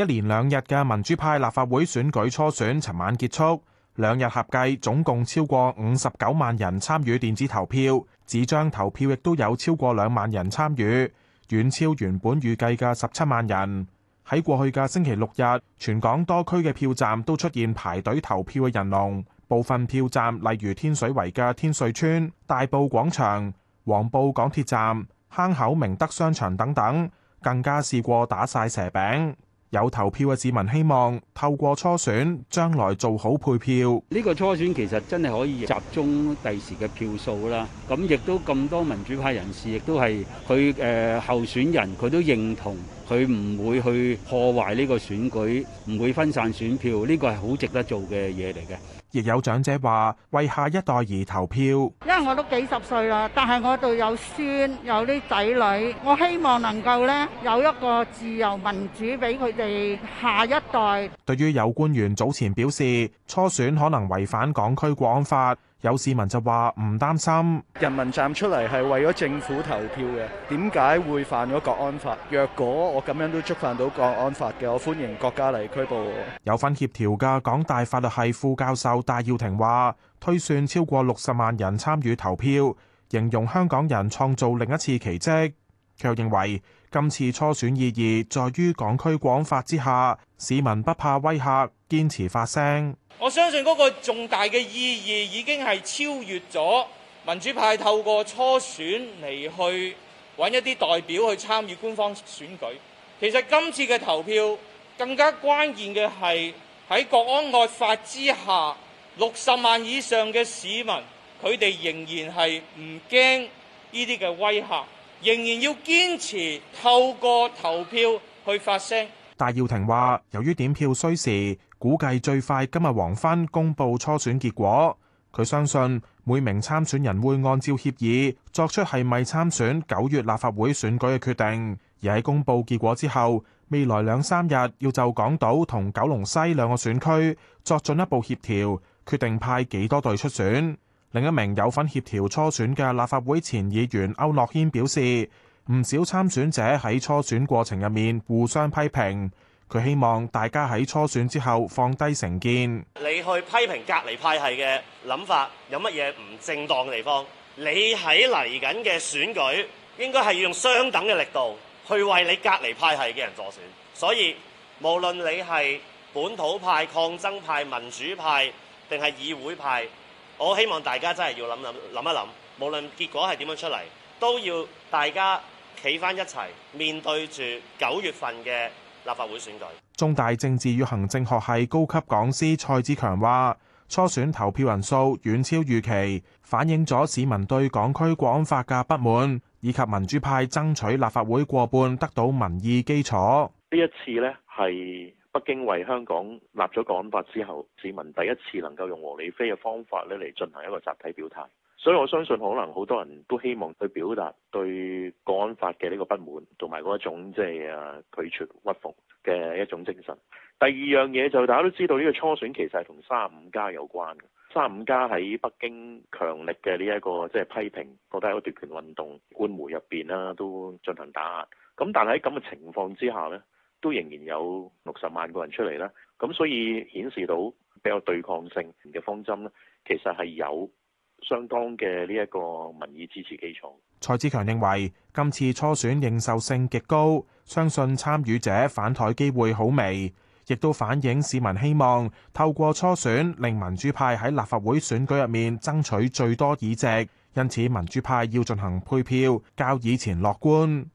一連兩日嘅民主派立法會選舉初選，尋晚結束。兩日合計總共超過五十九萬人參與電子投票，紙張投票亦都有超過兩萬人參與，遠超原本預計嘅十七萬人。喺過去嘅星期六日，全港多區嘅票站都出現排隊投票嘅人龍，部分票站例如天水圍嘅天瑞村、大埔廣場、黃埔港鐵站、坑口明德商場等等，更加試過打晒蛇餅。有投票嘅市民希望透過初選，將來做好配票。呢個初選其實真係可以集中第時嘅票數啦。咁亦都咁多民主派人士，亦都係佢誒候選人，佢都認同。佢唔會去破壞呢個選舉，唔會分散選票，呢個係好值得做嘅嘢嚟嘅。亦有長者話：為下一代而投票，因為我都幾十歲啦，但係我度有孫有啲仔女，我希望能夠呢，有一個自由民主俾佢哋下一代。對於有官員早前表示初選可能違反港區國安法。有市民就話唔擔心，人民站出嚟係為咗政府投票嘅，點解會犯咗國安法？若果我咁樣都觸犯到國安法嘅，我歡迎國家嚟拘捕。有份協調嘅港大法律系副教授戴耀廷話，推算超過六十萬人參與投票，形容香港人創造另一次奇蹟，卻認為今次初選意義在於港區國安法之下，市民不怕威嚇，堅持發聲。我相信嗰個重大嘅意義已經係超越咗民主派透過初選嚟去揾一啲代表去參與官方選舉。其實今次嘅投票更加關鍵嘅係喺國安惡法之下，六十萬以上嘅市民，佢哋仍然係唔驚呢啲嘅威嚇，仍然要堅持透過投票去發聲。戴耀廷話，由於點票需時，估計最快今日黃昏公布初選結果。佢相信每名參選人會按照協議作出係咪參選九月立法會選舉嘅決定。而喺公布結果之後，未來兩三日要就港島同九龍西兩個選區作進一步協調，決定派幾多隊出選，另一名有份協調初選嘅立法會前議員區諾軒表示，唔少參選者喺初選過程入面互相批評，佢希望大家喺初選之後放低成見。你去批評隔離派系嘅諗法，有乜嘢唔正當嘅地方？你喺嚟緊嘅選舉，應該係要用相等嘅力度去為你隔離派系嘅人助選。所以，無論你係本土派、抗爭派、民主派定係議會派，我希望大家真係要諗諗諗一諗，無論結果係點樣出嚟，都要大家，企翻一齊面對住九月份嘅立法會選舉。中大政治與行政學系高級講師蔡志強話：初選投票人數遠超預期，反映咗市民對港區國安法嘅不滿，以及民主派爭取立法會過半得到民意基礎。呢一次咧，係北京為香港立咗國安法之後，市民第一次能夠用和理非嘅方法咧嚟進行一個集體表態。所以我相信，可能好多人都希望去表達對國安法嘅呢個不滿，同埋嗰一種即係、就是、啊拒絕屈服嘅一種精神。第二樣嘢就大家都知道，呢個初選其實係同三五家有關嘅。三五家喺北京強力嘅呢一個即係、就是、批評，覺得一個奪權運動，官媒入邊啦，都進行打壓，咁但喺咁嘅情況之下咧，都仍然有六十萬個人出嚟啦。咁所以顯示到比較對抗性嘅方針咧，其實係有。相當嘅呢一個民意支持基礎。蔡志強認為今次初選認受性極高，相信參與者反台機會好微，亦都反映市民希望透過初選令民主派喺立法會選舉入面爭取最多議席，因此民主派要進行配票，較以前樂觀。